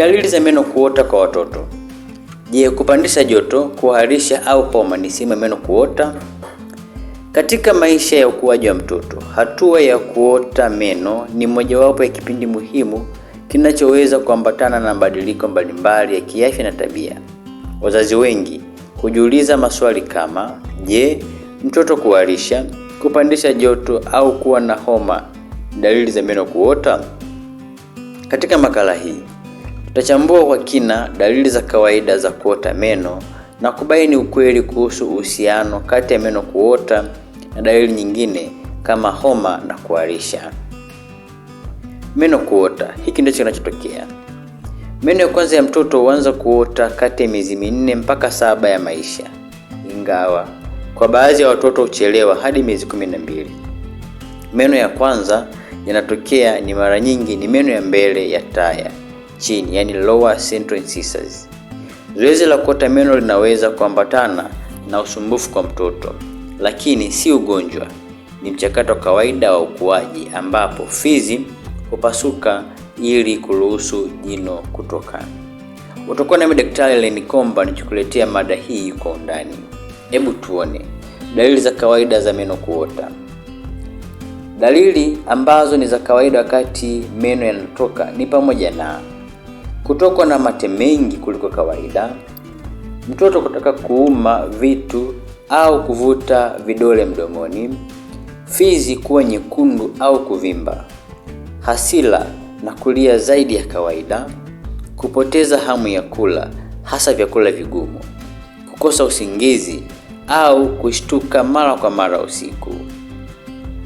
Dalili za meno kuota kwa watoto. Je, kupandisha joto, kuharisha au homa ni sehemu ya meno kuota? Katika maisha ya ukuaji wa mtoto, hatua ya kuota meno ni mojawapo ya kipindi muhimu kinachoweza kuambatana na mabadiliko mbalimbali ya kiafya na tabia. Wazazi wengi hujiuliza maswali kama, je, mtoto kuharisha, kupandisha joto au kuwa na homa dalili za meno kuota? Katika makala hii Tutachambua kwa kina dalili za kawaida za kuota meno na kubaini ukweli kuhusu uhusiano kati ya meno kuota na dalili nyingine kama homa na kuharisha. Meno kuota, hiki ndicho kinachotokea. Meno ya kwanza ya mtoto huanza kuota kati ya miezi minne mpaka saba ya maisha, ingawa kwa baadhi ya watoto huchelewa hadi miezi kumi na mbili. Meno ya kwanza yanatokea ni mara nyingi ni meno ya mbele ya taya chini, yani lower central incisors. Zoezi la kuota meno linaweza kuambatana na usumbufu kwa mtoto, lakini si ugonjwa. Ni mchakato wa kawaida wa ukuaji ambapo fizi hupasuka ili kuruhusu jino kutoka. Utakuwa nami Daktari Lenikomba nichukuletea mada hii kwa undani. Hebu tuone dalili za kawaida za meno kuota. Dalili ambazo ni za kawaida wakati meno yanatoka ni pamoja na kutokwa na mate mengi kuliko kawaida, mtoto kutaka kuuma vitu au kuvuta vidole mdomoni, fizi kuwa nyekundu au kuvimba, hasila na kulia zaidi ya kawaida, kupoteza hamu ya kula hasa vyakula vigumu, kukosa usingizi au kushtuka mara kwa mara usiku.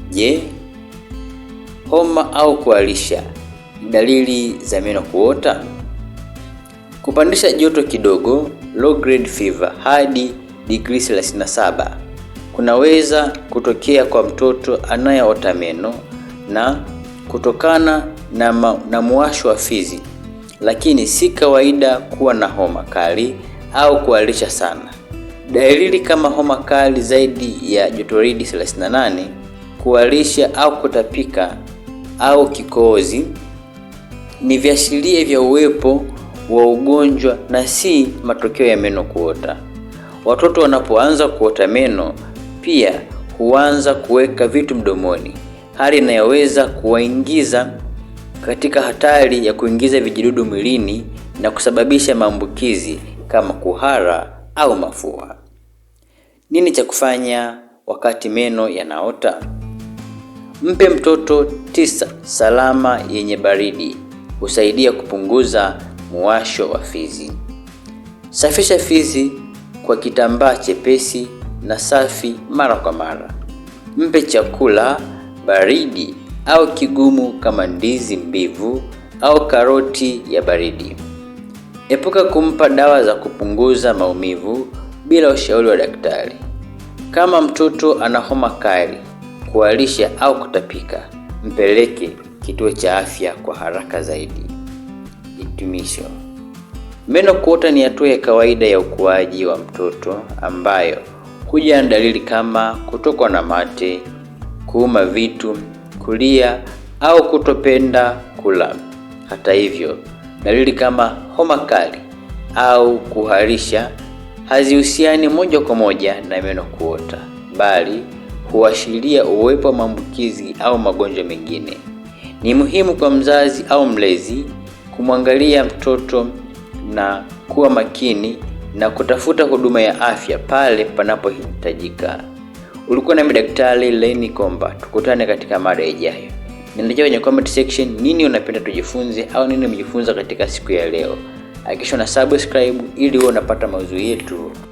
Je, homa au kualisha ni dalili za meno kuota? kupandisha joto kidogo low grade fever hadi digrii 37 kunaweza kutokea kwa mtoto anayeota meno na kutokana na, na mwasho wa fizi, lakini si kawaida kuwa na homa kali au kuharisha sana. Dalili kama homa kali zaidi ya jotoridi 38, kuharisha au kutapika au kikohozi ni viashiria vya uwepo wa ugonjwa na si matokeo ya meno kuota. Watoto wanapoanza kuota meno pia huanza kuweka vitu mdomoni, hali inayoweza kuwaingiza katika hatari ya kuingiza vijidudu mwilini na kusababisha maambukizi kama kuhara au mafua. Nini cha kufanya wakati meno yanaota? Mpe mtoto tisa salama yenye baridi, husaidia kupunguza mwasho wa fizi. Safisha fizi kwa kitambaa chepesi na safi mara kwa mara. Mpe chakula baridi au kigumu kama ndizi mbivu au karoti ya baridi. Epuka kumpa dawa za kupunguza maumivu bila ushauri wa daktari. Kama mtoto ana homa kali, kualisha au kutapika, mpeleke kituo cha afya kwa haraka zaidi hitimisho. Meno kuota ni hatua ya kawaida ya ukuaji wa mtoto ambayo huja na dalili kama kutokwa na mate, kuuma vitu, kulia au kutopenda kula. Hata hivyo, dalili kama homa kali au kuharisha hazihusiani moja kwa moja na meno kuota, bali huashiria uwepo wa maambukizi au magonjwa mengine. Ni muhimu kwa mzazi au mlezi kumwangalia mtoto na kuwa makini na kutafuta huduma ya afya pale panapohitajika. Ulikuwa nami Daktari Lenny Komba, tukutane katika mada ijayo. Niandajia kwenye comment section nini unapenda tujifunze au nini umejifunza katika siku ya leo. Hakikisha una subscribe ili uwe unapata mauzo yetu.